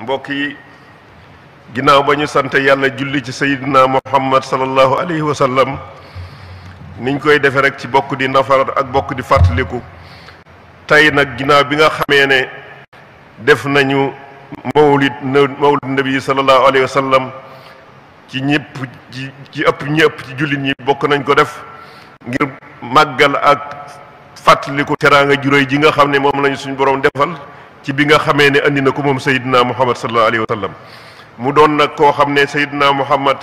mbokk yi ginnaaw ba ñu sant yàlla julli ci sayidina muhammad sallallahu alayhi wa sallam niñ koy defee rek ci bokk di nafar ak bokk di fàttaliku tey nag ginnaaw bi nga xamee ne def nañu mawlid mawlid nabi sallallahu alayhi wa ci ñëpp ci ëpp ñëpp ci jullit ñi bokk nañ ko def ngir màggal ak fàttaliku teraanga juróoy ji nga xam ne moom lañu suñu borom defal ci bi nga xamee ne indi na ko moom Seydina Muhammad sallallahu alayhi wa sallam mu doon nag koo xam ne Seydina Muhammad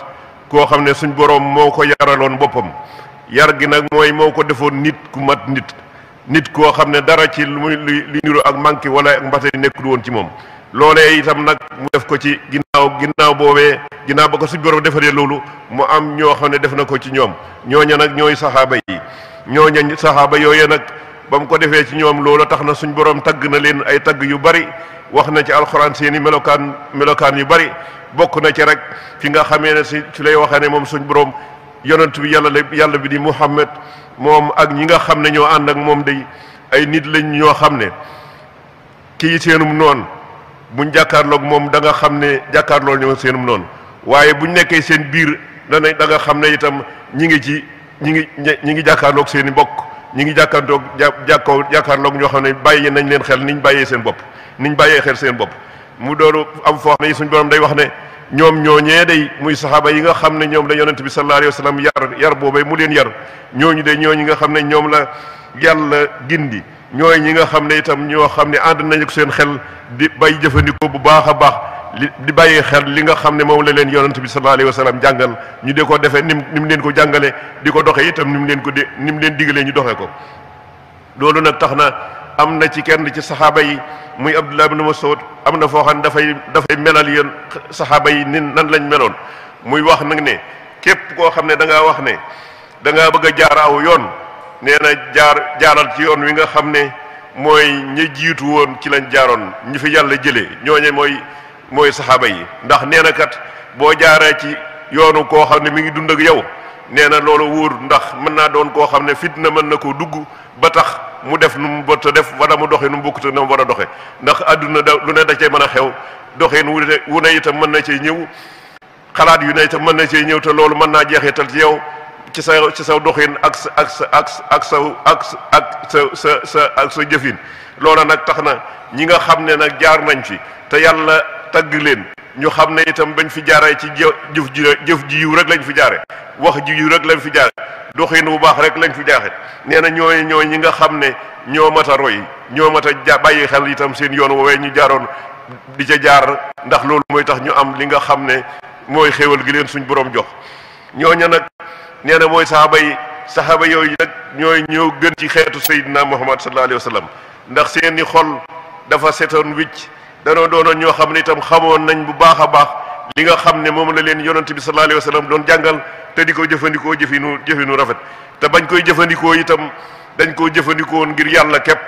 koo xam ne suñ boroom moo ko yaraloon boppam yar gi nag mooy moo ko defoon nit ku mat nit nit koo xam ne dara ci lu muy lu niru ak manqué wala ak mbate nekkul woon ci moom loolee itam nag mu def ko ci ginnaaw ginnaaw boobee ginnaaw ba ko suñ borom defaree loolu mu am ñoo xam ne def na ko ci ñoom ñooña nag ñooy saxaaba yi ñooña saxaaba yooye nag ba mu ko defee ci ñoom loola tax na suñ borom tagg na leen ay tagg yu bari wax na ci alxuraan seeni melokaan melokaan yu bari bokk na ci rek fi nga xamee ne si ci lay waxee ne moom suñ borom yonent bi yàlla la yàlla bi di Muhammad moom ak ñi nga xam ne ñoo ànd ak moom day ay nit lañ ñoo xam ne kii seenum noon buñ jàkkaarloog moom danga xam ne jàkkaarloo ñoo seenum noonu waaye buñ nekkee seen biir dana danga xam ne itam ñi ngi ci ñi ngi ñi ngi jàkkaarloog seen i ñu ngi jàkkaarloog jàkkoo jàkkaarloog ñoo xam ne bàyyi nañ leen xel niñ bàyyee seen bopp niñ bàyyee xel seen bopp mu dooru am foo xam ne suñu borom day wax ne ñoom ñooñee day muy saxaaba yi nga xam ne ñoom la yonent bi sallallahu alayhi wa sallam yar yar boobee mu leen yar ñooñu de ñooñu nga xam ne ñoom la yàlla gindi ñooy ñi nga xam ne itam ñoo xam ne ànd nañu ko seen xel di bay jëfandikoo bu baax a baax li di bàyyi xel li nga xam ne moom la leen yonent bi sallallahu alayhi wa sallam jàngal ñu di ko defee nim ni mu leen ko jàngale di ko doxe itam ni mu leen ko di ni mu leen digalee ñu doxe ko loolu nag tax na am na ci kenn ci saxaaba yi muy Abdullah ibn Mas'ud am na foo xam ne dafay dafay melal yéen saxaaba yi ni nan lañ meloon muy wax nag ne képp koo xam ne da ngaa wax ne da ngaa bëgg a jaar aw yoon nee na jaar jaaral ci yoon wi nga xam ne mooy ñu jiitu woon ci lañ jaaroon ñi fi yàlla jëlee ñooñe mooy mooy saxaaba yi ndax nee na kat boo jaaree ci yoonu koo xam ne mu ngi dund ak yow nee na loolu wóor ndax mën naa doon koo xam ne fitna mën na koo dugg ba tax mu def nu mu bët def wala mu doxe nu mu bokkute na mu war a doxe ndax àdduna da lu ne da cee mën a xew doxeen wu wu ne itam mën na cee ñëw xalaat yu ne itam mën na cee ñëw te loolu mën naa jeexital ci yow ci sa ci saw doxin ak sa ak sa ak ak sa ak sa sa sa ak sa jëfin loola nag tax na ñi nga xam ne nag jaar nañ fi tagg leen ñu xam ne itam bañ fi jaaree ci jëf ji jëf ji yiw rek lañu fi jaare wax ji yiw rek lañ fi jaare doxin bu baax rek lañ fi jaaxe nee na ñooy ñooy ñi nga xam ne ñoo mat a roy ñoo mat a bàyyi xel itam seen yoon woowee ñu jaaroon di ca jaar ndax loolu mooy tax ñu am li nga xam ne mooy xéewal gi leen suñ boroom jox ñooña nag nee na mooy saxaaba yi saxaaba yooyu nag ñooy ñoo gën ci xeetu sayyidina Muhammad sallallahu alayhi wa sallam ndax seeni xol dafa setoon wicc danoo doonoon ñoo xam ne itam xamoon nañ bu baax a baax li nga xam ne moom la leen yonanti bi sallallahu alayhi wa sallam doon jàngal te di ko jëfandikoo jëfinu jëfinu rafet te bañ koy jëfandikoo itam dañ koo jëfandikoo ngir yàlla képp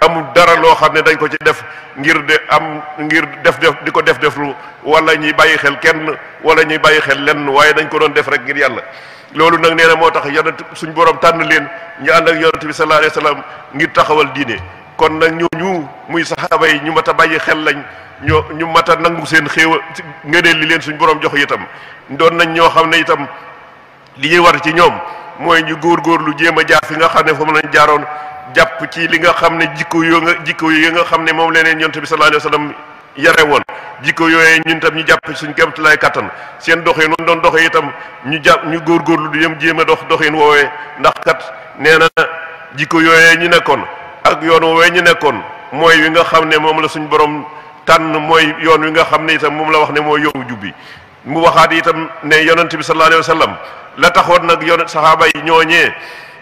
amul dara loo xam ne dañ ko ci def ngir de am ngir def def di ko def deflu wala ñuy bàyyi xel kenn wala ñuy bàyyi xel lenn waaye dañ ko doon def rek ngir yàlla loolu nag nee moo tax yonent suñ borom tànn leen ñu ànd ak yonent bi sallallahu alayhi ngir taxawal diine kon nag ñu muy saxaaba yi ñu mat a bàyyi xel lañ ñu mat a nangu seen xéew ngëneel li leen suñ boroom jox itam doon nañ ñoo xam ne itam li ñuy war ci ñoom mooy ñu góor góorgóorlu jéem a jaar fi nga xam ne fa mu jaaroon jàpp ci li xam ne jikko yoo nga jikko yoo nga xam ne moom leneen yonent bi sallallahu alayhi wasallam yare woon jikko yooyee ñun tam ñu jàpp suñ kéemtalaay kattan seen doxin noonu doon doxee itam ñu jàpp ñu góorgóorlu du yem jéem a dox doxin woowee ndax kat nee na jikko yooyee ñu nekkoon ak yoon we ñu nekkoon mooy wi nga xam ne moom la suñ borom tànn mooy yoon wi nga xam ne itam moom la wax ne mooy yoonu jubbi mu waxaat itam ne yonent bi sallallahu alayhi wa la taxoon nag yoon saxaaba yi ñooñee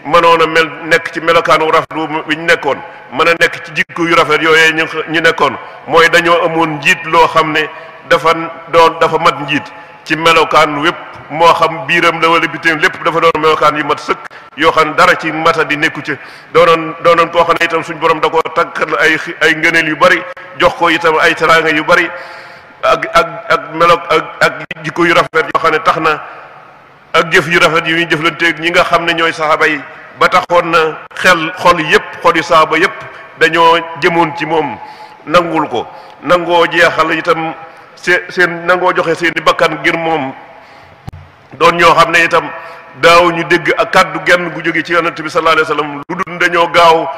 mënoon a mel nekk ci melokaanu rafet wi ñu nekkoon mën a nekk ci jikko yu rafet yooyee ñu ñu nekkoon mooy dañoo amoon njiit loo xam ne dafa doon dafa mat njiit ci melokaan wépp moo xam biiram la wala bitim lépp dafa doon melokaan yu mat sëkk yoo xam ne dara ci mata di nekku ca doonoon doonoon koo xam ne itam suñ borom da ko takkal ay ay ngëneel yu bari jox ko itam ay teraanga yu bari ak ak ak ak ak jikko yu rafet yoo xam ne tax na ak jëf yu rafet yu ñuy jëflanteeg ñi nga xam ne ñooy saxaaba yi ba taxoon na xel xol yëpp xol yu saxaaba yëpp dañoo jëmoon ci moom nangul ko nangoo jeexal itam. seen seen nangoo joxe seen i bakkan ngir moom doon ñoo xam ne itam daaw ñu dégg ak kàddu genn gu jóge ci yonent bi sallallahu alayhi wa sallam lu dul dañoo gaaw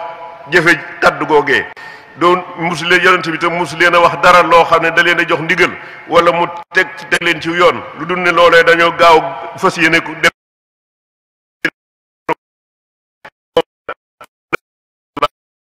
jëfe kàddu googee doon musu leen yonent bi te musu leen a wax dara loo xam ne da leen a jox ndigal wala mu teg teg leen ci yoon lu dul ne loolee dañoo gaaw fas yéene ko def